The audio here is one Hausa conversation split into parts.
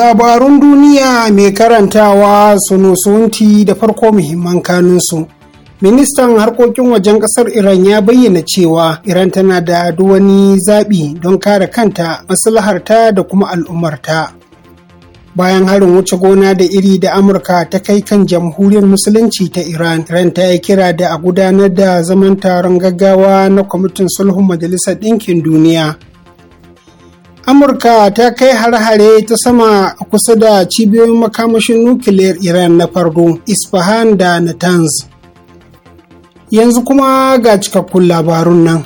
Labarun duniya mai karantawa su sunusunti da farko muhimman kanunsu. Ministan harkokin wajen ƙasar Iran ya bayyana cewa Iran tana da duwani zaɓi don kare kanta, maslaharta da kuma al'ummarta. Bayan harin wuce gona da iri da Amurka ta kai kan jamhuriyar Musulunci ta Iran, Iran ta yi kira da a gudanar da zaman taron gaggawa na Kwamitin Sulhun Majalisar Ɗinkin Duniya. amurka ta kai har-hare ta sama kusa da cibiyoyin makamashin nukiliyar iran na farko isfahan da natanz yanzu kuma ga cikakkun labarun nan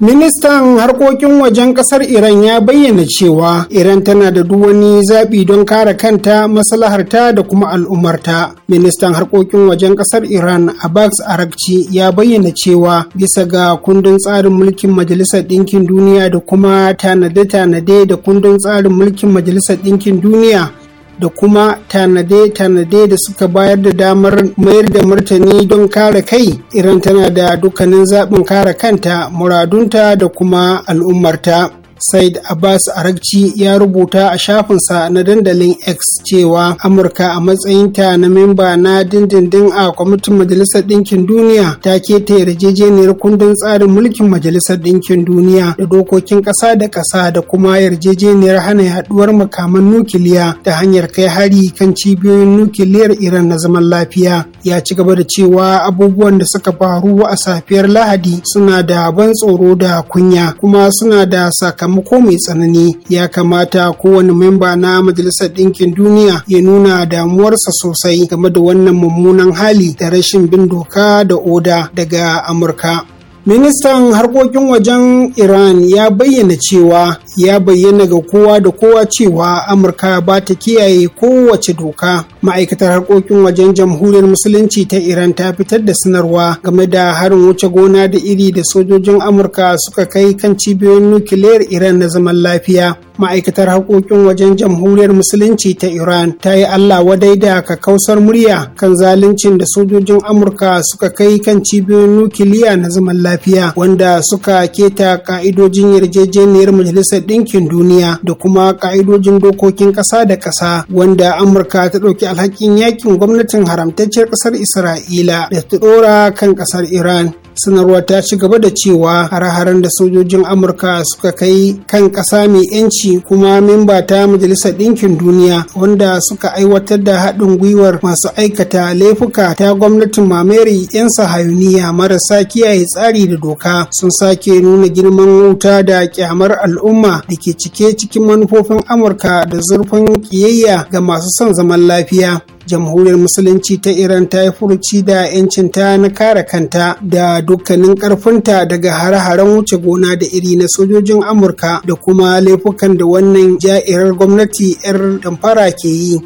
Ministan harkokin wajen kasar Iran ya bayyana cewa Iran tana da duk wani zaɓi don kare kanta, maslaharta da kuma al'ummarta. Ministan harkokin wajen kasar Iran Abbas Arakci ya bayyana cewa bisa ga kundin tsarin mulkin Majalisar Ɗinkin Duniya da kuma tanade-tanade da kundin tsarin mulkin Majalisar Ɗinkin Duniya da kuma tanade-tanade da suka bayar da damar mayar da martani don kare kai iran tana da dukkanin zaɓin kare kanta muradunta da kuma al'ummarta Said Abbas aragci ya rubuta a shafinsa na dandalin X cewa Amurka a matsayinta na memba na dindindin a kwamitin Majalisar Ɗinkin Duniya ta keta yarjejeniyar kundin tsarin mulkin Majalisar Ɗinkin Duniya da dokokin ƙasa da ƙasa da kuma yarjejeniyar hana yaduwar makaman nukiliya ta hanyar kai hari kan cibiyoyin nukiliyar Iran na zaman lafiya. Ya ci gaba da cewa abubuwan da suka faru a safiyar Lahadi suna da ban tsoro da kunya kuma suna da sakamakon sakamako mai tsanani ya kamata kowane memba na majalisar ɗinkin duniya ya nuna damuwarsa sosai game da wannan mummunan hali da rashin bin doka da oda daga amurka Ministan harkokin wajen Iran ya bayyana cewa ya bayyana ga kowa da kowa cewa Amurka ba ta kiyaye kowace doka. Ma'aikatar harkokin wajen jamhuriyar Musulunci ta Iran ta fitar da sanarwa game da harin wuce gona da iri da sojojin Amurka suka kai kan cibiyoyin nukiliyar Iran na zaman lafiya. Ma'aikatar harkokin wajen jamhuriyar Musulunci ta Iran ta yi Allah wadai da kakausar murya kan zaluncin da sojojin Amurka suka kai kan cibiyoyin nukiliya na zaman lafiya. lafiya wanda suka keta ka'idojin yarjejeniyar majalisar ɗinkin duniya da kuma ka'idojin dokokin ƙasa da ƙasa wanda amurka ta ɗauki alhakin yakin gwamnatin haramtacciyar ƙasar isra'ila da ta ɗora kan ƙasar iran sanarwa ta ci gaba da cewa har-haren da sojojin amurka suka kai kan ƙasa mai yanci kuma memba ta majalisar ɗinkin duniya wanda suka aiwatar da haɗin gwiwar masu aikata laifuka ta gwamnatin mameri 'yan sahayuniya marasa kiyaye tsari da doka sun sake nuna girman wuta da ƙyamar al'umma da ke cike cikin manufofin amurka da zurfin ƙiyayya ga masu son zaman lafiya jamhuriyar musulunci ta iran ta yi furuci da 'yancinta na kare kanta da dukkanin karfinta daga hare-haren wuce gona da iri na sojojin amurka da kuma laifukan da wannan ja'irar gwamnati 'yar damfara ke yi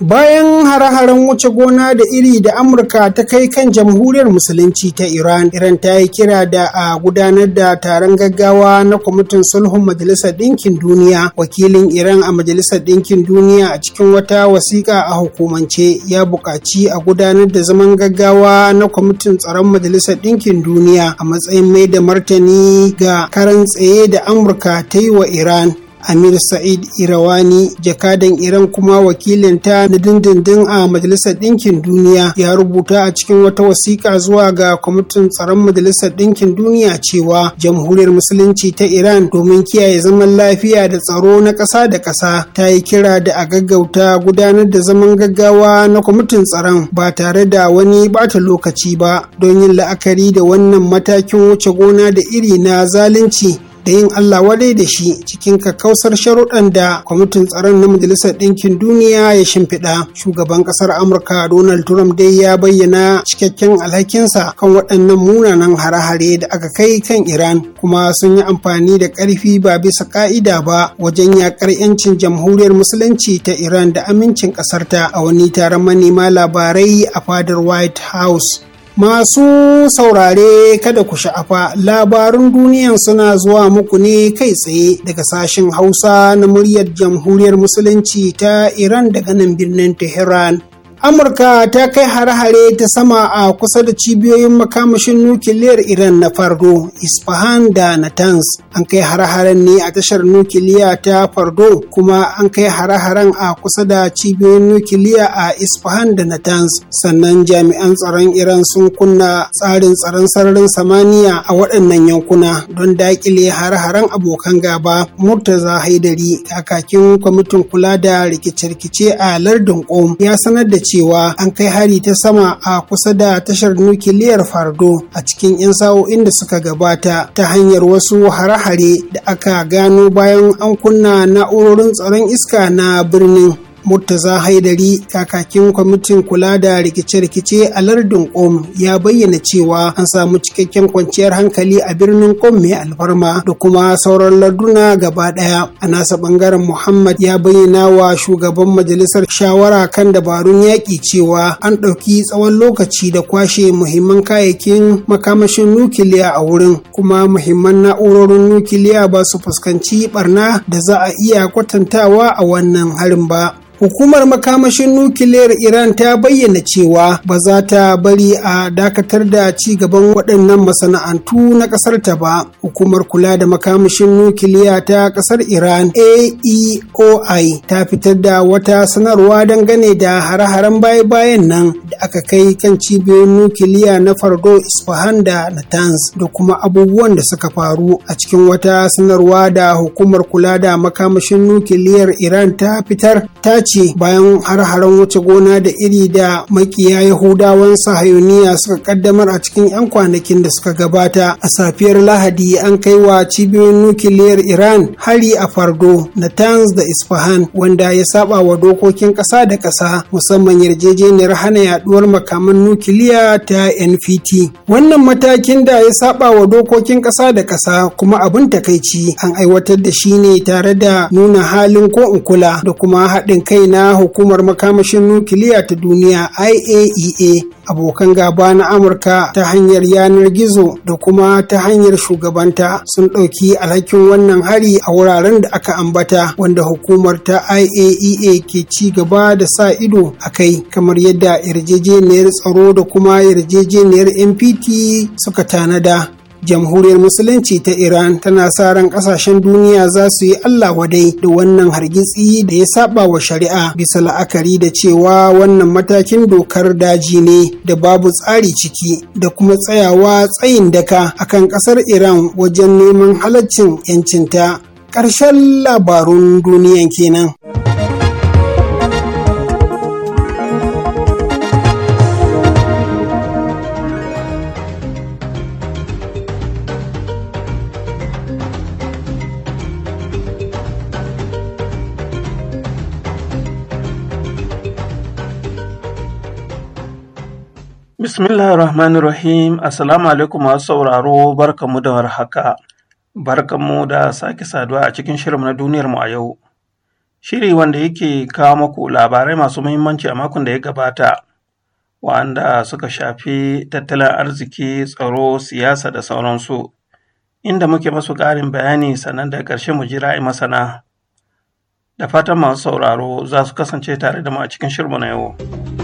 Bayan hare-haren wuce gona da iri da Amurka ta kai kan jamhuriyar Musulunci ta Iran, Iran ta yi kira da a gudanar da taron gaggawa na kwamitin sulhun Majalisar Ɗinkin Duniya. Wakilin Iran a Majalisar Ɗinkin Duniya a cikin wata wasiƙa a hukumance ya buƙaci a gudanar da zaman gaggawa na kwamitin tsaron Majalisar Ɗinkin Duniya a matsayin mai da martani ga karan tsaye da Amurka ta yi wa Iran. Amir Sa'id Irawani, jakadan Iran kuma wakilinta na dindindin a Majalisar Ɗinkin Duniya, ya rubuta a cikin wata wasiƙa zuwa ga Kwamitin Tsaron Majalisar Ɗinkin Duniya cewa Jamhuriyar Musulunci ta Iran domin kiyaye zaman lafiya da tsaro na ƙasa da ƙasa ta yi kira da a gaggauta gudanar da zaman gaggawa na Kwamitin Tsaron ba tare da wani bata lokaci ba don yin la'akari da wannan matakin wuce gona da iri na zalunci da yin Allah wadai da shi cikin kakkausar sharuɗan da kwamitin tsaron na Majalisar Ɗinkin Duniya ya shimfiɗa. Shugaban ƙasar Amurka Donald Trump dai ya bayyana cikakken alhakinsa kan waɗannan munanan hare-hare da aka kai kan Iran kuma sun yi amfani da ƙarfi ba bisa ƙa'ida ba wajen yaƙar 'yancin jamhuriyar musulunci ta Iran da amincin ƙasarta a wani taron manema labarai a fadar White House. Masu saurare kada ku sha'afa labarun duniyan suna zuwa muku ne kai tsaye daga sashen Hausa na muryar Jamhuriyar Musulunci ta Iran daga nan birnin Tehran. amurka ta kai hare-hare ta sama a kusa da cibiyoyin makamashin nukiliyar iran na fardo isfahan da natanz an kai hare-haren ne a tashar nukiliya ta fardo kuma an kai hare-haren a kusa da cibiyoyin nukiliya a isfahan da natanz sannan jami'an tsaron iran sun kunna tsarin tsaron sararin samaniya a waɗannan yankuna don daƙile hare-haren abokan gaba murtaza haidari kakakin kwamitin kula da rikice-rikice a lardin ƙom ya sanar da cewa cewa an kai hari ta sama a kusa da tashar nukiliyar fardo a cikin 'yan sa'o'in da suka gabata ta hanyar wasu hare-hare da aka gano bayan an kunna na'urorin tsaron iska na birnin Murtaza Haidari kakakin kwamitin kula da rikice-rikice a lardin Qom ya bayyana cewa an samu cikakken kwanciyar hankali a birnin Qom mai alfarma da kuma sauran larduna gaba daya. A nasa bangaren Muhammad ya bayyana wa shugaban majalisar shawara kan dabarun yaƙi cewa an ɗauki tsawon lokaci da kwashe muhimman kayayyakin makamashin nukiliya a wurin kuma muhimman na'urorin nukiliya ba su fuskanci barna da za a iya kwatantawa a wannan harin ba. Hukumar makamashin nukiliyar Iran ta bayyana cewa ba za ta bari a dakatar da ci gaban waɗannan masana'antu na ƙasar ta ba. Hukumar kula da makamashin nukiliya ta ƙasar Iran AEOI ta fitar da wata sanarwa dangane da hare-haren baya-bayan nan da aka kai kan cibiyoyin nukiliya na Fardo Isfahan da Natanz da kuma abubuwan da suka faru a cikin wata sanarwa da hukumar kula da makamashin nukiliyar Iran ta fitar ta ce ce bayan har-haren wuce gona da iri da makiya yahudawan sahayuniya suka kaddamar a cikin 'yan kwanakin da suka gabata a safiyar lahadi an kai wa cibiyoyin nukiliyar iran hari a fardo na tans da isfahan wanda ya saba wa dokokin ƙasa da ƙasa musamman yarjejeniyar hana yaduwar makaman nukiliya ta nft wannan matakin da ya saba wa dokokin ƙasa da ƙasa kuma abin takaici an aiwatar da shi ne tare da nuna halin ko in kula da kuma haɗin kai kai na hukumar makamashin nukiliya ta duniya iaea e abokan gaba na amurka ta hanyar yanar gizo da kuma ta hanyar shugabanta sun ɗauki alhakin wannan hari a wuraren da aka ambata wanda hukumar ta iaea e ke ci gaba da sa ido a kai kamar yadda yarjejeniyar tsaro da kuma yarjejeniyar npt suka tanada jamhuriyar musulunci ta iran tana sa ran kasashen duniya za su yi allah wadai da wannan hargitsi da ya saba wa shari'a bisa la'akari da cewa wannan matakin dokar daji ne da babu tsari ciki da kuma tsayawa tsayin daka akan kasar iran wajen neman halaccin yancinta ƙarshen labarun duniyan kenan. Bismillahir Rahmanir Rahim, Assalamu alaikum masu sauraro barkamu da warhaka. Barkamu da sake saduwa a cikin shirin na duniyar mu a yau. Shiri wanda yake kawo muku labarai masu muhimmanci a makon da ya gabata, wa'anda suka shafi tattalin arziki, tsaro, siyasa da sauransu, inda muke masu ƙarin bayani sannan da ƙarshe mu jira masana. Da fatan masu sauraro za su kasance tare da mu a cikin shirin na yau.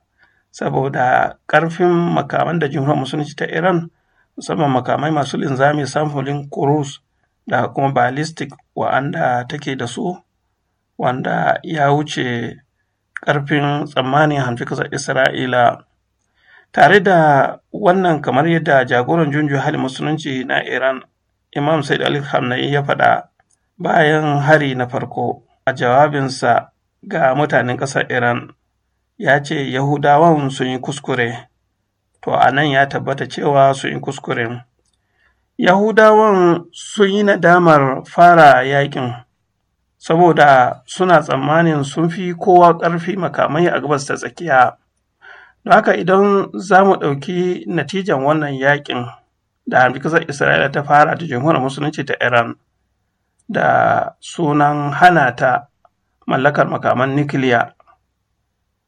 saboda karfin makaman da jumhuriyar musulunci ta iran musamman makamai masu linzami samfulin kurus da kuma ballistic wa'anda take da su wanda ya wuce karfin tsammanin hamfikasar isra'ila tare da wannan kamar yadda jagoran junju hali musulunci na iran imam said ali khamenei ya faɗa bayan hari na farko a jawabinsa ga mutanen ƙasar iran ya ce Yahudawan sun yi kuskure, to a nan ya tabbata cewa sun yi kuskure. Yahudawan sun yi nadamar fara yaƙin, saboda suna tsammanin sun fi kowa ƙarfi makamai a gabas ta tsakiya. Da haka idan za mu ɗauki natijan wannan yaƙin da hamdikasar Isra'ila ta fara da jamhuriyar musulunci ta Iran da sunan hana ta mallakar makaman nukiliya.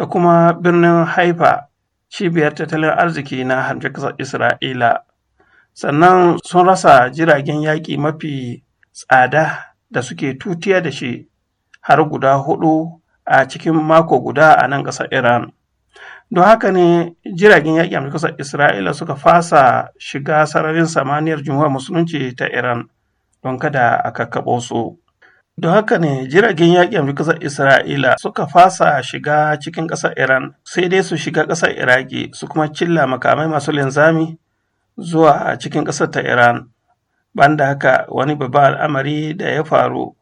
da kuma birnin Haifa cibiyar tattalin arziki na hamshe Isra'ila. Sannan sun rasa jiragen yaƙi mafi tsada da suke tutiya da shi har guda hudu a cikin mako guda a nan ƙasar Iran. Don haka ne jiragen yaƙi a ƙasar Isra'ila suka fasa shiga sararin samaniyar jumhuriyar musulunci ta Iran don kada a kakkaɓo su. Don haka ne jiragen yaƙi amfi Isra'ila suka fasa shiga cikin ƙasar Iran sai dai su shiga ƙasar Iraki su kuma cilla makamai masu linzami zuwa cikin ƙasar ta Iran. Banda haka wani babban al'amari da ya faru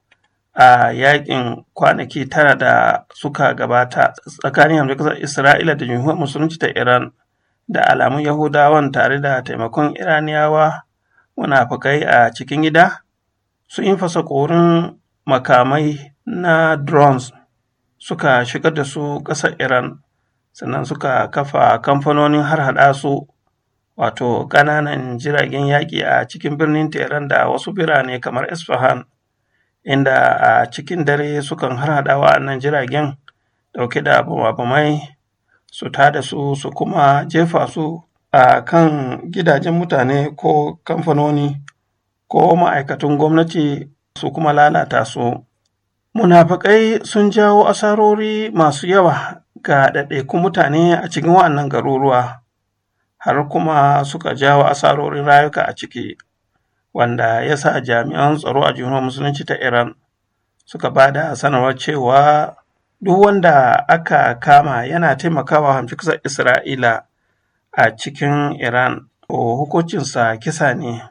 a yaƙin kwanaki tara da suka gabata tsakanin amfi ƙasar Isra'ila da jumhuriyar musulunci ta Iran da alamun Yahudawan tare da taimakon Iraniyawa munafukai a cikin gida sun yi fasa korin makamai na drones suka shigar da su ƙasar Iran sannan suka kafa kamfanonin harhaɗa su wato ƙananan jiragen yaƙi a cikin birnin Tehran da wasu birane kamar Isfahan inda a cikin dare sukan har harhaɗa nan jiragen ɗauke da bumabumai su tada su su kuma jefa su a kan gidajen mutane ko kamfanoni ko ma'aikatan gwamnati su kuma lalata su. Munafakai sun jawo asarori masu yawa ga ɗaiɗaikun mutane a cikin wannan garuruwa, har kuma suka jawo asarorin rayuka a ciki, wanda ya sa jami'an tsaro a juna musulunci ta Iran suka ba da sanarwar cewa duk wanda aka kama yana taimakawa kusa Isra'ila a cikin Iran, hukuncinsa kisa ne.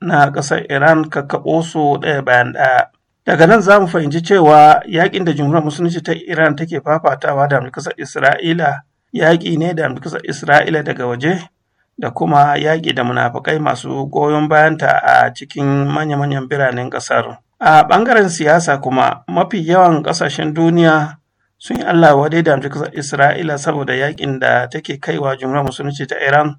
na ƙasar Iran kakkaɓo su ɗaya bayan ɗaya. Daga nan za mu fahimci cewa yaƙin da jumhuriyar musulunci ta Iran take fafatawa da amurkasar Isra'ila yaƙi ne da amurkasar Isra'ila daga waje da kuma yaƙi da munafukai masu goyon bayanta a cikin manya-manyan biranen ƙasar. A ɓangaren siyasa kuma mafi yawan ƙasashen duniya sun yi Allah wadai da amurkasar Isra'ila saboda yaƙin da take kaiwa jumhuriyar musulunci ta Iran.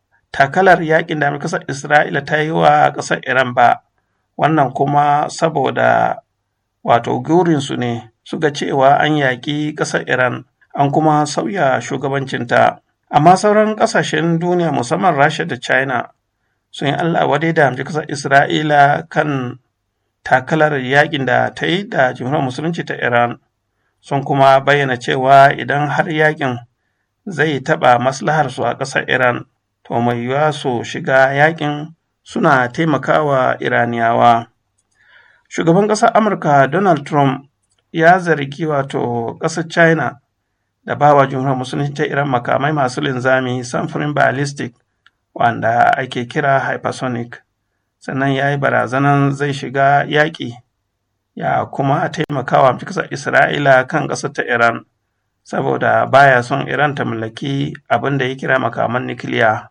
takalar yakin da kasar isra'ila ta yi wa kasar iran ba wannan kuma saboda wato gurinsu ne suka cewa an yaƙi kasar iran an kuma sauya shugabancinta amma sauran ƙasashen duniya musamman rasha da china sun yi allah wa da hamji kasar isra'ila kan takalar yakin da ta yi da jimhuriyar musulunci ta iran sun kuma bayyana cewa idan har yakin zai taɓa maslaharsu a ƙasar iran ko mai yiwuwa su shiga yaƙin suna taimakawa Iraniyawa. Shugaban ƙasar Amurka Donald Trump ya zargi wato ƙasar China da bawa jihunar musulunci ta Iran makamai masu linzami samfurin ballistic wanda ake kira hypersonic sannan ya yi barazanan zai shiga yaƙi ya kuma taimakawa ƙasar Isra'ila kan ƙasar ta Iran saboda baya son Iran ta mallaki abin da ya kira makaman nukiliya?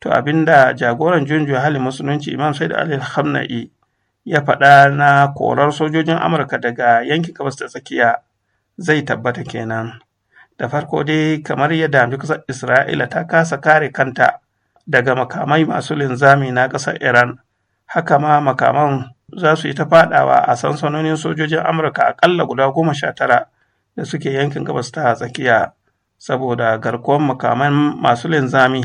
To abinda jagoran junjo halin musulunci Imam Said Ali Hamna'i ya faɗa na korar sojojin Amurka daga yankin gabas da tsakiya zai tabbata kenan. Da farko dai kamar yadda ƙasar Isra'ila ta kasa kare kanta daga makamai masu linzami na ƙasar Iran, haka ma makaman za su yi ta faɗawa a sansanonin sojojin Amurka aƙalla guda goma sha tara da suke yankin gabas ta tsakiya saboda garkuwar makaman masu linzami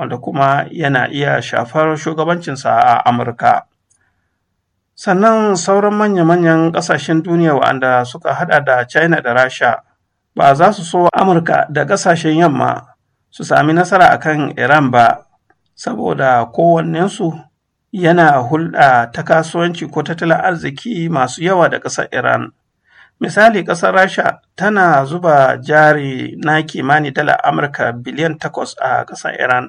wanda kuma yana iya shafar shugabancinsa a Amurka. Sannan sauran manya-manyan ƙasashen duniya wanda suka hada da China da Rasha ba za su so Amurka da ƙasashen yamma su sami nasara a kan Iran ba, saboda kowannensu yana hulɗa ta kasuwanci ko tattalin arziki masu yawa da ƙasar Iran. Misali ƙasar Rasha tana zuba jari na kimanin dala Amurka biliyan takwas a ƙasar Iran.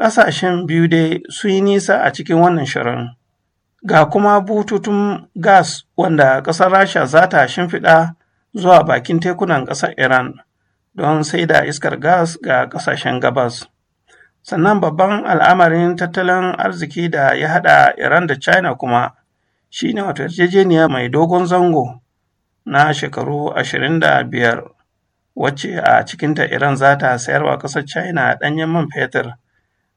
Ƙasashen biyu dai su yi nisa a cikin wannan shirin. Ga kuma bututun gas wanda ƙasar Rasha za ta shimfiɗa zuwa bakin tekunan ƙasar Iran don sai da iskar gas ga ƙasashen gabas. Sannan babban al'amarin tattalin arziki da ya haɗa Iran da China kuma shi ne wata yarjejeniya mai dogon zango na shekaru ashirin da biyar wacce a cikinta Iran za ta sayarwa ƙasar China ɗanyen man fetur.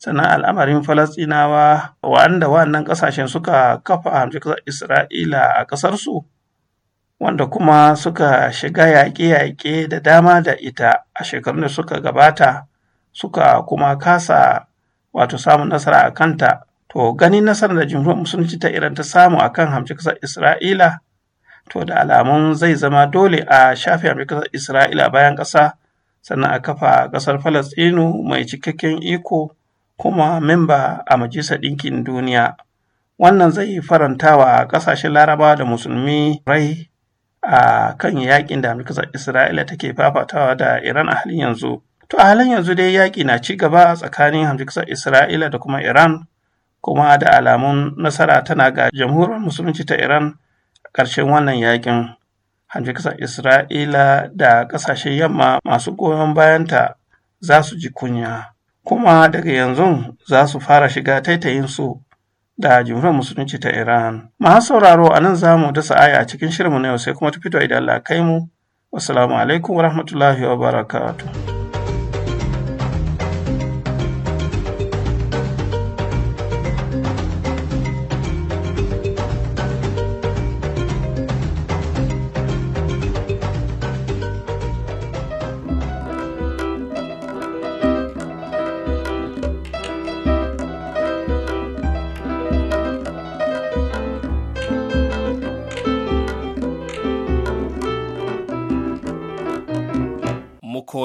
sannan al'amarin falastinawa wanda wa'annan ƙasashen suka kafa hamshin isra'ila a ƙasarsu wanda kuma suka shiga yaƙe-yaƙe da dama da ita a shekarun da suka gabata suka kuma kasa wato samun nasara a kanta to ganin nasarar da jimhuriyar musulunci ta iran ta samu a kan hamshin isra'ila to da alamun zai zama dole a shafi hamshin ƙasar isra'ila bayan ƙasa sannan a kafa ƙasar falastinu mai cikakken iko kuma memba a majalisar ɗinkin duniya wannan zai faranta wa ƙasashen larabawa da musulmi rai a kan yaƙin da amurkar isra'ila take fafatawa da iran a halin yanzu to a halin yanzu dai yaƙi na ci gaba tsakanin amurkar isra'ila da kuma iran kuma da alamun nasara tana ga jamhuriyar musulunci ta iran ƙarshen wannan yaƙin hamfikasar isra'ila da ƙasashen yamma masu goyon bayanta za su ji kunya kuma daga yanzu za su fara shiga su da jumhuriyar musulunci ta Iran. Masu sauraro a nan za mu dasa aya a cikin shirinmu na yau sai kuma ta fito idan Allah kai mu. Wassalamu alaikum wa rahmatullahi wa barakatuh.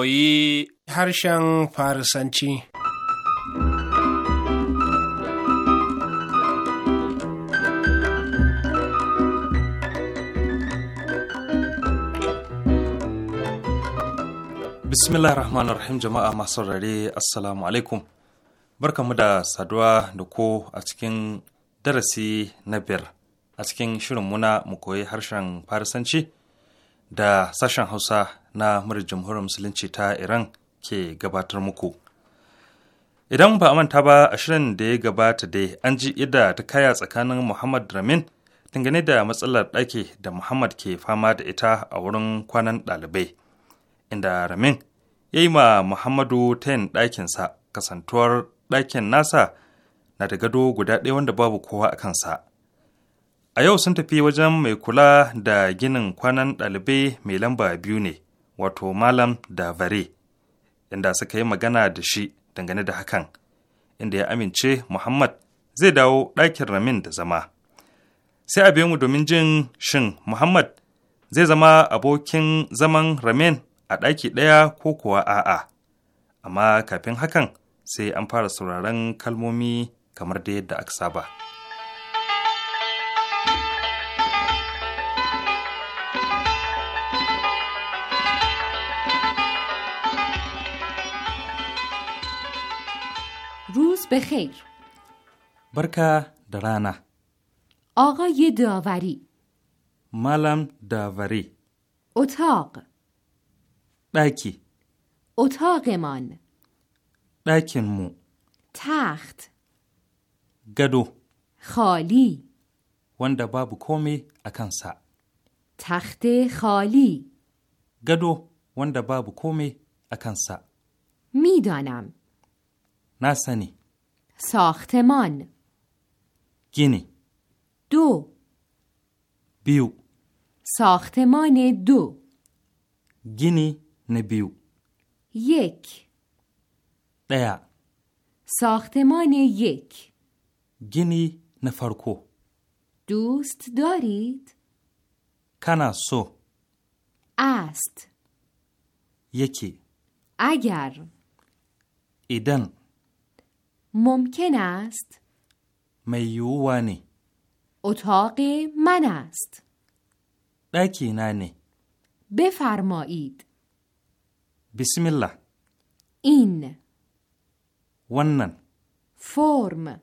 koyi harshen Farisanci. Bismillah rahman rahim jama'a masu rare assalamu alaikum. Barkanmu da saduwa da ko a cikin darasi na biyar a cikin shirin muna mu koyi harshen Farisanci. da sashen Hausa na murar jamhuriyar Musulunci ta Iran ke gabatar muku. Idan ba a manta ba a shirin da ya gabata dai an ji yadda ta kaya tsakanin Muhammad Ramin dangane da matsalar ɗaki da Muhammad ke fama da ita a wurin kwanan ɗalibai, inda Ramin ya yi ma Muhammadu tayin ɗakinsa kasantuwar ɗakin nasa na da gado guda ɗaya wanda babu kowa a kansa. A yau sun tafi wajen mai kula da ginin kwanan ɗalibai mai lamba biyu ne, wato Malam da Bare, inda suka yi magana da shi dangane da hakan, inda ya amince Muhammad zai dawo ɗakin Ramin da zama. Sai a biyo mu domin jin shin Muhammad zai zama abokin zaman Ramin a ɗaki ɗaya ko kuwa a'a. Amma kafin hakan sai an fara sauraron kalmomi kamar da yadda aka saba. بخیر برکه برکا درانه آقای داوری مالم داوری اتاق باکی اتاق من مو تخت گدو خالی وند باب کومی اکنسا تخت خالی گدو وند باب کومی اکنسا میدانم ناسنی ساختمان گینی دو بیو ساختمان دو گینی نبیو یک دیا ساختمان یک گینی نفرکو دوست دارید؟ کنا سو است یکی اگر ایدن ممکن است میوانی اتاق من است دکی بفرمایید بسم الله این ونن فرم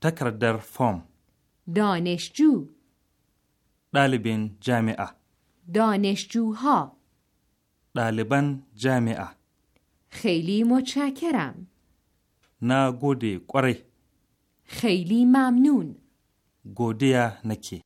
تکردر فرم دانشجو دالبین جامعه دانشجوها دالبان جامعه خیلی متشکرم na gode kwarai. Khaili mamnun. godiya nake.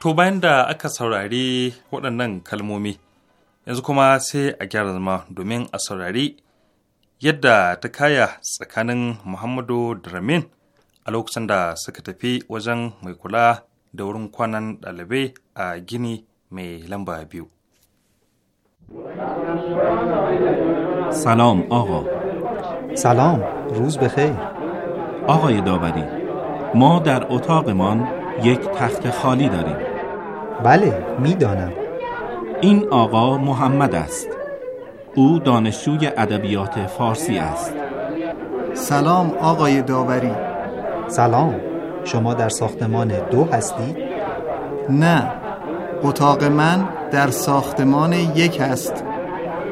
To bayan da aka saurari waɗannan kalmomi, yanzu kuma sai a gyara zama domin a saurari yadda ta kaya tsakanin Muhammadu da Ramin a lokacin da suka tafi wajen mai kula da wurin kwanan ɗalibai a gini mai lamba biyu. سلام آقا سلام روز بخیر آقای داوری ما در اتاقمان یک تخت خالی داریم بله میدانم این آقا محمد است او دانشجوی ادبیات فارسی است. سلام آقای داوری. سلام. شما در ساختمان دو هستی؟ نه. اتاق من در ساختمان یک است.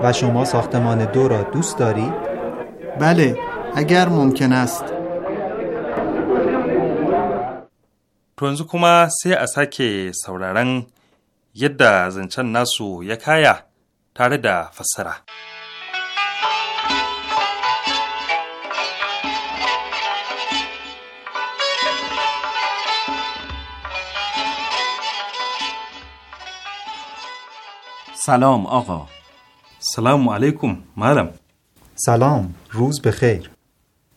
و شما ساختمان دو را دوست دارید؟ بله، اگر ممکن است. پرونزو کما سی sai a sake یه ده زنچن ناسو یکایه tare da سلام آقا سلام علیکم معلم سلام روز بخیر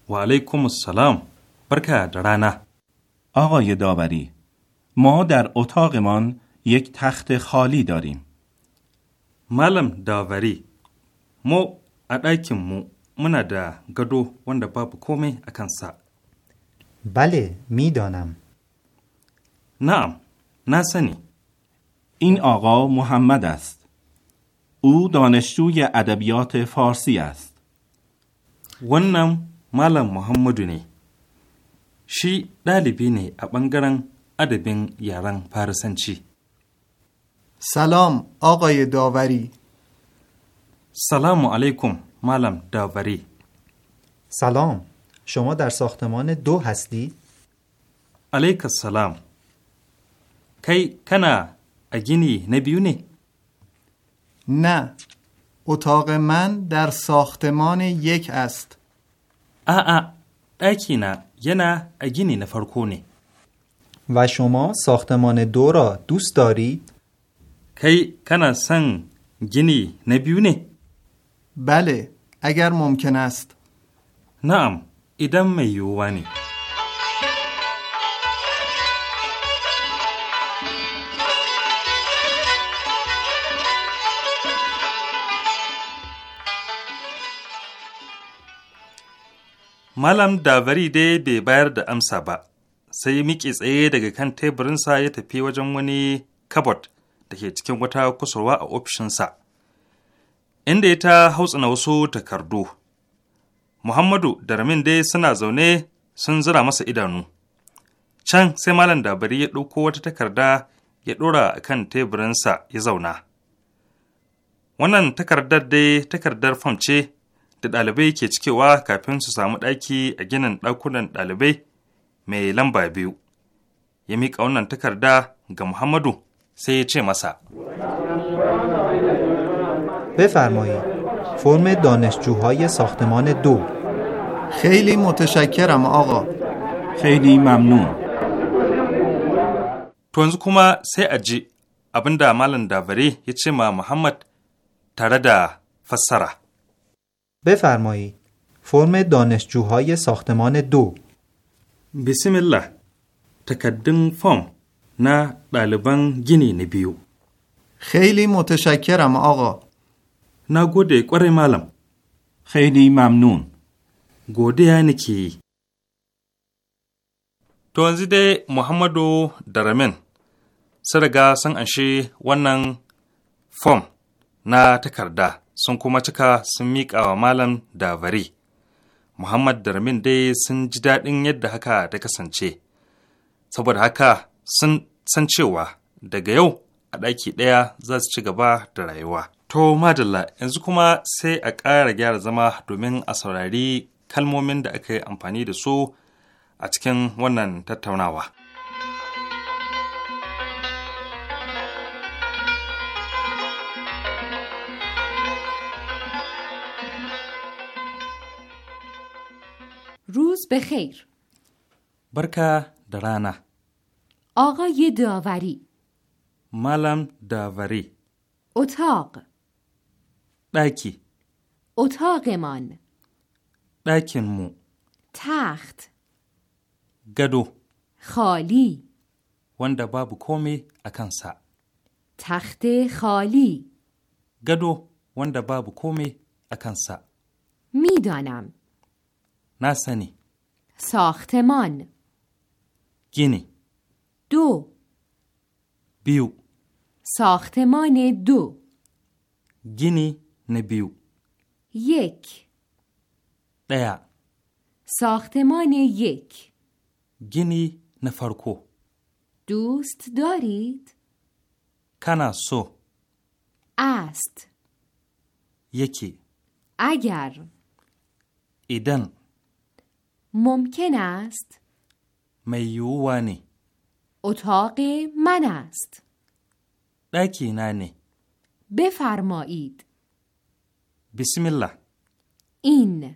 و علیکم السلام برکه درانه آقای داوری ما در اتاقمان یک تخت خالی داریم malam davare mu a ɗakinmu muna da gado wanda babu komai a kansa. Bale, mi donam. Na'am, na sani. این آقا محمد است. او دانشجوی ادبیات فارسی است. wannan Malam Muhammadu ne, shi ɗalibi ne a ɓangaren adabin yaren Farisanci. سلام آقای داوری سلام علیکم معلم داوری سلام شما در ساختمان دو هستی؟ علیک السلام کی کنا اگینی نبیونی؟ نه اتاق من در ساختمان یک است آ اکی نه یه نه اگینی نفرکونی و شما ساختمان دو را دوست دارید؟ کی کنا سن گینی نه بیو نه بله اگر Na'am, idan mai ایدم ne. Malam Davari dai bai bayar da amsa ba, sai miƙe tsaye daga kan teburinsa ya tafi wajen wani kabot da ke cikin wata kusurwa a ofishinsa, inda ya ta hautsina wasu takardu. Muhammadu da Ramin dai suna zaune sun zira masa idanu. Can sai Malam da bari ya ɗauko wata takarda ya ɗora a kan teburinsa ya zauna. Wannan takardar dai takardar fam ce da ɗalibai ke cikewa kafin su samu ɗaki a ginin ɗakunan ɗalibai mai lamba biyu. Ya miƙa wannan takarda ga Muhammadu سه چه مسا بفرمایید فرم دانشجوهای ساختمان دو خیلی متشکرم آقا خیلی ممنون تو کما سه اجی ابن دا مالن دا وری ما محمد تردا فسرا بفرمایید فرم دانشجوهای ساختمان دو بسم الله تکدن فرم Na ɗaliban gini na biyu. خیلی متشکرم آقا. Na gode kwarai malam. خیلی ممنون. Godiya nake yi. To yanzu dai Muhammadu da Ramin sun riga anshi wannan fom na takarda sun kuma cika sun miƙa wa malam da vari. Muhammad da Ramin dai sun ji daɗin yadda haka ta kasance. Saboda haka sun san cewa daga yau a ɗaki ɗaya za su ci gaba da rayuwa. To madalla yanzu kuma sai a ƙara gyara zama domin a saurari kalmomin da aka yi amfani da su a cikin wannan tattaunawa. Bekhair Barka da rana. آقای داوری ملم داوری اتاق داکی اتاقمان. من مو تخت گدو خالی وند باب کومی اکنسا تخت خالی گدو وند باب کومی اکنسا می دانم ساختمان گینی دو بیو ساختمان دو گینی نبیو یک دیا ساختمان یک گینی نفرکو دوست دارید؟ کنا سو است یکی اگر ایدن ممکن است میوانی اتاق من است. بکی نانی. بفرمایید. بسم الله. این.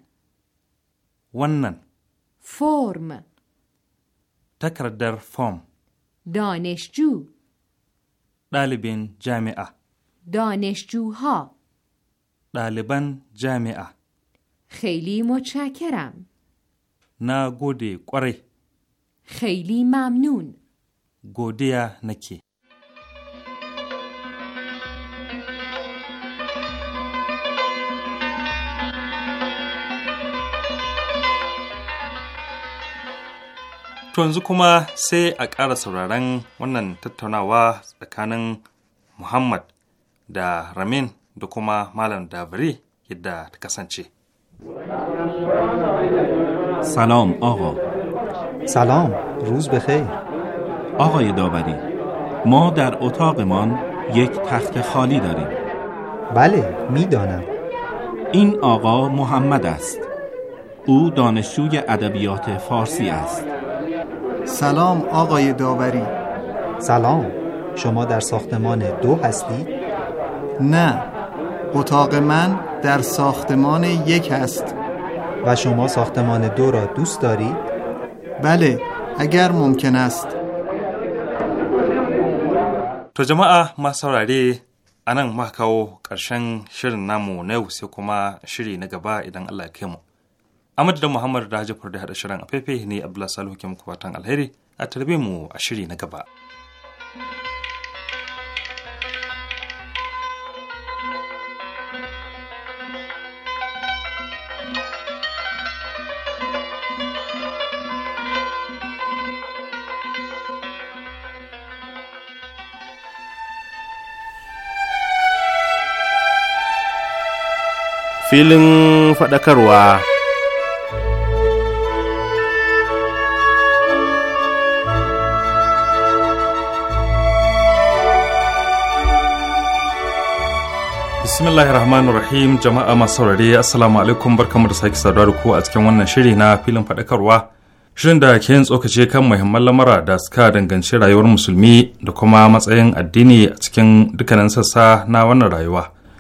ونن. فرم. تکر در فرم. دانشجو. دالبین جامعه. دانشجوها. دالبان جامعه. خیلی متشکرم. نگودی قره. خیلی ممنون. godiya nake To yanzu kuma sai a ƙara sauraron wannan tattaunawa tsakanin Muhammad da Ramin da kuma Malam Davri yadda ta kasance. Salam, آقا Salam, Ruz Bekhair. آقای داوری ما در اتاقمان یک تخت خالی داریم بله میدانم این آقا محمد است او دانشجوی ادبیات فارسی است سلام آقای داوری سلام شما در ساختمان دو هستی؟ نه اتاق من در ساختمان یک هست و شما ساختمان دو را دوست دارید؟ بله اگر ممکن است To jama'a masu saurare a nan ma kawo ƙarshen shirin namu na yau sai kuma shiri na gaba idan Allah ya kai mu. Ahmad da Muhammad da Hajjafar da haɗa shirin a ne Abdullahi Salihu ke muku fatan alheri a tarbe mu a shiri na gaba. thank you filin faɗakarwa. Bismillahirrahmanirrahim rahim jama'a masu saurare assalamu alaikum barkamu da sake saduwa da ku a cikin wannan shiri na filin faɗakarwa shirin da ke yin tsokace kan muhimman lamara da suka danganci rayuwar musulmi da kuma matsayin addini a cikin dukkanin sassa na wannan rayuwa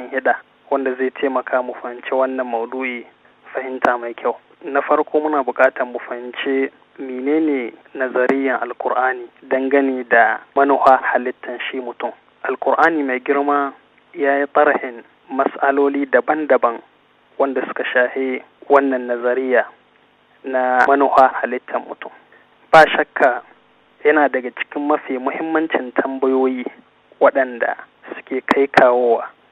hida wanda zai taimaka mu fahimci wannan maudu'i fahimta mai kyau. Na farko muna buƙatar mu fahimci menene nazariyan alkur'ani dangane da manuha halittan shi mutum. Alkur'ani mai girma ya yi tarihin matsaloli daban-daban wanda suka shahe wannan nazariya na manuha halittar mutum. Ba shakka yana daga cikin mafi muhimmancin tambayoyi waɗanda suke kai kawowa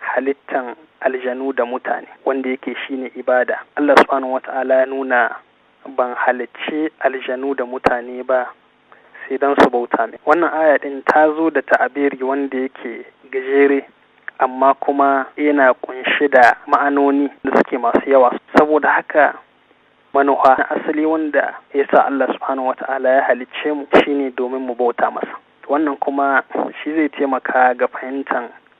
halittan aljanu da mutane wanda yake shine ibada Allah subhanahu wata'ala ya nuna ban halicci aljanu da mutane ba sai don su bauta mai wannan aya din ta zo da ta'abiri wanda yake gajere amma kuma yana kunshi da ma'anoni da suke masu yawa saboda haka manuha na asali wanda ya sa Allah subhanahu wata'ala ya halicce mu shine domin mu bauta masa wannan kuma shi zai taimaka ga fahimtar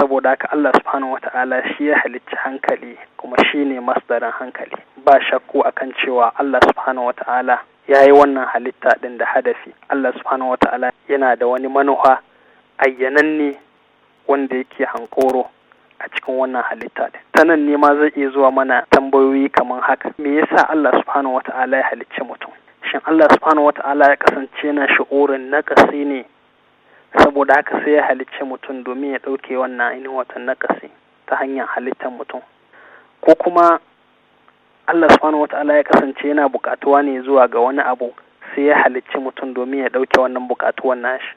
saboda haka Allah subhanahu wata'ala shi ya halicci hankali kuma shi ne masdarin hankali ba shakku akan cewa Allah subhanahu wata'ala ya yi wannan halitta ɗin da hadafi Allah subhanahu wata'ala yana da wani manuha ayyananne wanda yake hankoro a cikin wannan halitta ɗin ta nan ne ma zai iya zuwa mana tambayoyi kamar haka me yasa Allah subhanahu wata'ala ya halicci mutum shin Allah subhanahu wata'ala ya kasance na shi'urin nakasi ne saboda haka sai ya halicci mutum domin ya ɗauke wannan ainihin watan nakasi ta hanyar halittar mutum ko kuma Allah subhanahu wata'ala ya kasance yana buƙatuwa ne zuwa ga wani abu sai ya halicci mutum domin ya ɗauke wannan buƙatuwan nashi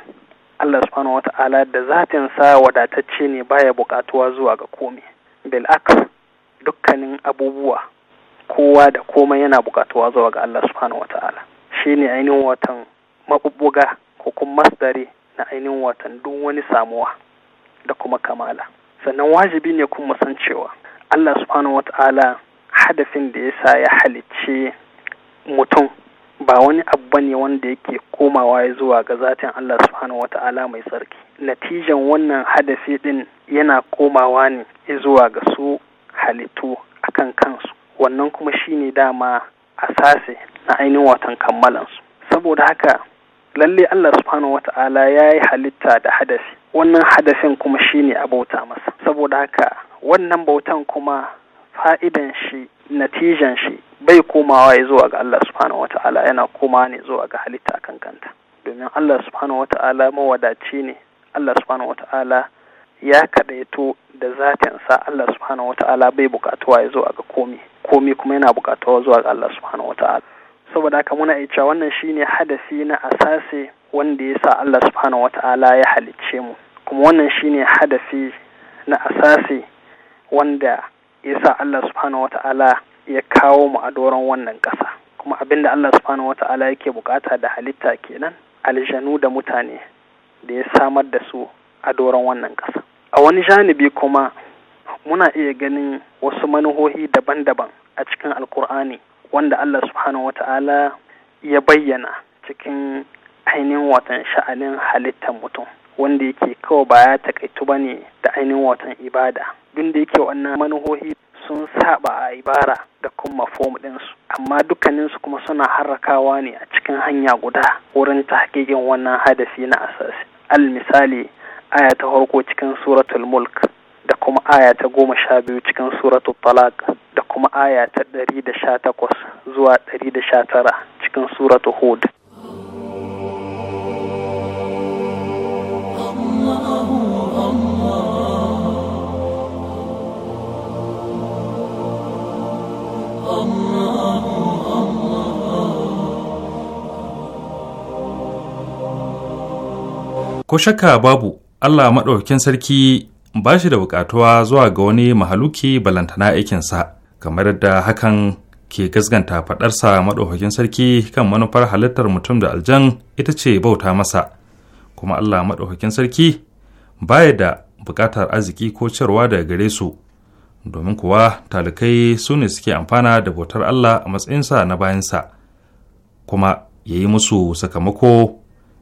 Allah subhanahu wata'ala da zatin sa wadatacce ne baya bukatuwa zuwa ga komai bil dukkanin abubuwa kowa da komai yana bukatuwa zuwa ga Allah subhanahu wata'ala shine ainihin watan mabubuga ko kuma masdari na ainihin watan duk wani samuwa da kuma kamala sannan wajibi ne kuma san cewa Allah subhanahu wata'ala hadafin da ya sa ya halicce mutum ba wani abu ne wanda yake komawa zuwa ga zatin Allah subhanahu ta'ala mai tsarki natijan wannan hadafi din yana komawa ne zuwa ga su halittu akan kansu wannan kuma shi ne dama a sase na ainihin watan kammalansu saboda haka lalle Allah subhanahu ta'ala ya yi halitta da hadafi. wannan hadafin kuma shine a bauta masa saboda haka wannan bautan kuma fa'idan shi shi bai komawa ya zuwa ga Allah subhanahu ta'ala yana koma ne zuwa ga halitta kan kanta domin Allah subhanahu wata'ala mawadaci ne Allah subhanahu ta'ala ya kadaito da zatinsa Allah subhanahu ta'ala bai bukatuwa ya zuwa ga komi komi kuma yana bukatuwa zuwa ga Allah subhanahu ta'ala saboda haka muna iya cewa wannan shine hadasi na asasi wanda ya sa Allah subhanahu ta'ala ya halicce mu kuma wannan shine hadasi na asasi wanda ya sa Allah subhanahu ta'ala ya kawo mu a doron wannan ƙasa kuma abinda da Allah subhanahu wata'ala yake bukata da halitta kenan aljanu da mutane da ya samar da su a doron wannan ƙasa a wani janibi kuma muna iya ganin wasu manuhohi daban-daban a cikin alkur'ani wanda Allah subhanahu wata'ala ya bayyana cikin ainihin watan sha'anin halittar mutum wanda yake kawai baya ya takaitu bane da ainihin watan ibada duk da yake wannan manuhohi sun saba a ibara da kuma fom ɗinsu amma dukkaninsu kuma suna harakawa ne a cikin hanya guda wurin tahqiqin wannan hadasi na asasi al misali aya ta farko cikin suratul mulk da kuma aya ta goma sha biyu cikin suratul talaq da kuma aya ta ɗari da sha takwas zuwa ɗari da sha tara cikin suratul hud Ko shakka babu Allah maɗaukakin sarki ba shi da buƙatuwa zuwa ga wani mahaluki balantana aikinsa, kamar yadda hakan ke gasganta faɗarsa maɗaukakin sarki kan manufar halittar mutum da aljan ita ce bauta masa, kuma Allah maɗaukakin sarki baya da buƙatar arziki ko cirwa daga gare su, domin kuwa talikai su ne suke amfana da bautar Allah a matsayinsa na bayansa, kuma ya yi musu sakamako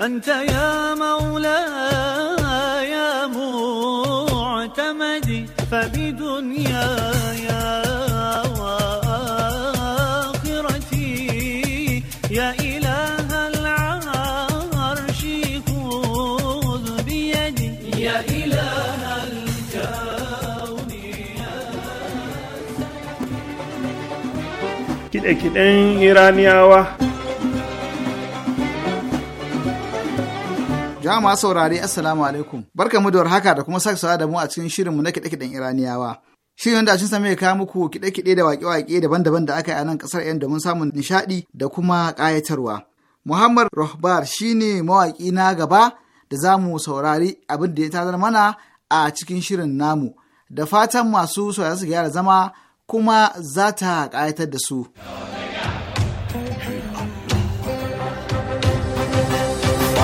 أنت يا مولاي يا معتمدي فبدنياي وآخرتي يا إله العرش خذ بيدي يا إله الكون كده كده إيرانيا Jama'a masu saurari Assalamu alaikum. Barka mu da warhaka da kuma sake da mu a cikin shirinmu na kiɗe-kiɗen Iraniyawa. Shirin da cin same kawo muku kiɗe-kiɗe da waƙe-waƙe daban-daban da aka yi a nan ƙasar yan domin samun nishaɗi da kuma ƙayatarwa. Muhammad Rohbar shine mawaƙi na gaba da za mu saurari abin da ya tazar mana a cikin shirin namu. Da fatan masu saurari su gyara zama kuma za ta ƙayatar da su.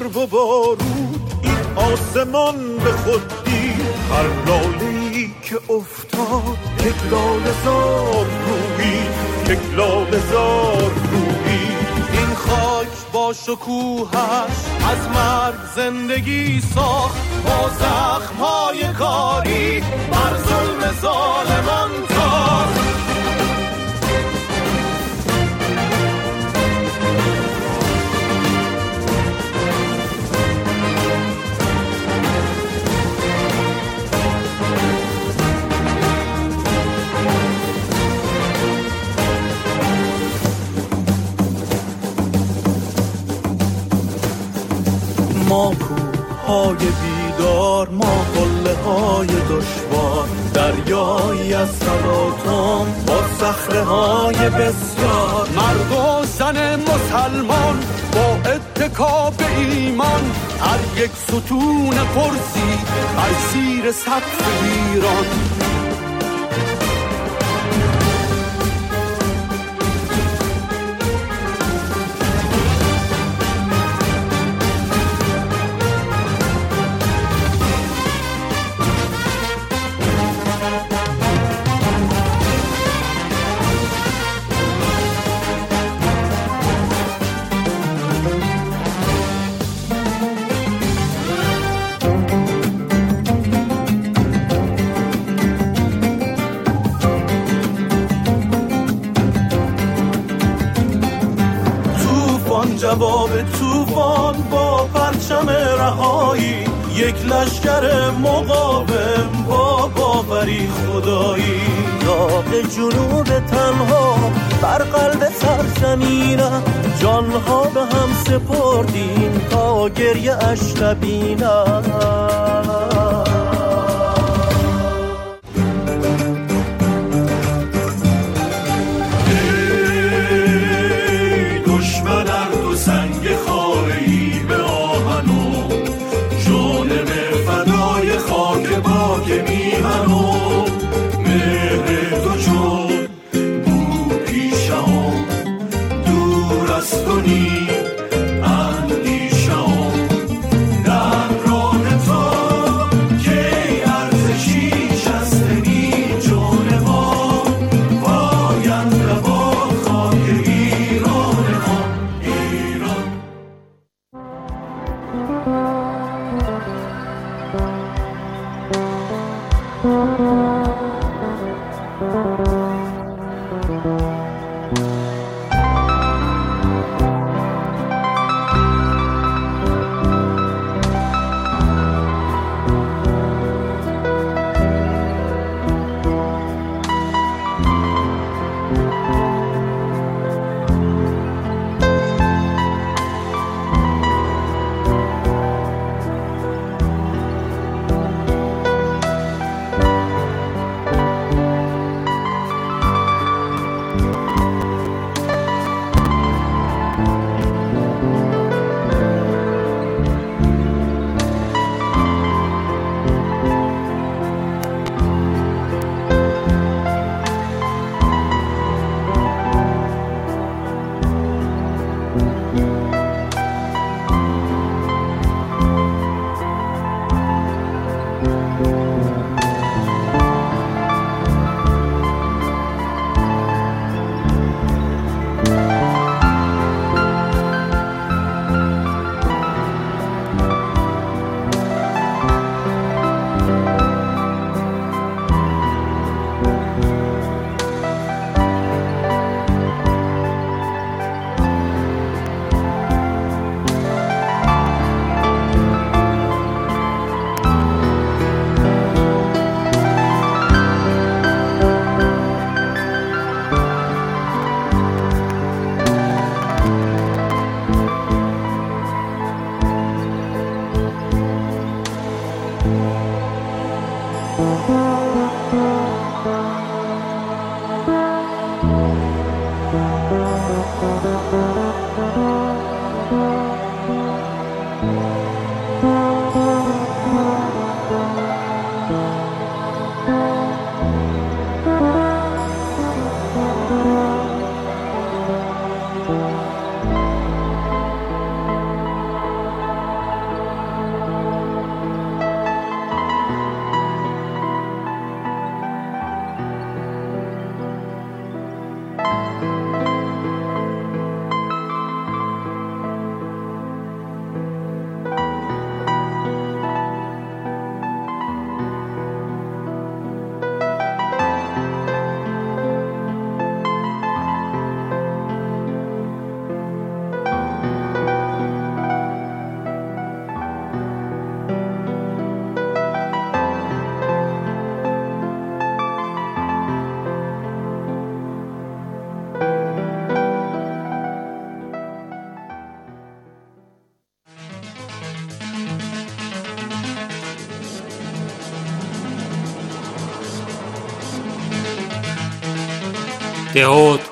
برق و این آسمان به خود دید هر لاله که افتاد یک لاله زار روی یک لاله زار روی این خاک با شکوهش از مرد زندگی ساخت با زخمهای کاری های بیدار ما قله های دشوار دریایی از سراتان با سخره های بسیار مرد و زن مسلمان با اتکاب ایمان هر یک ستون پرسی بر سیر سطح ایران لشکر مقاوم با باوری خدایی داغ جنوب تنها بر قلب سرزمینم جانها به هم سپردین تا گریه اش É outro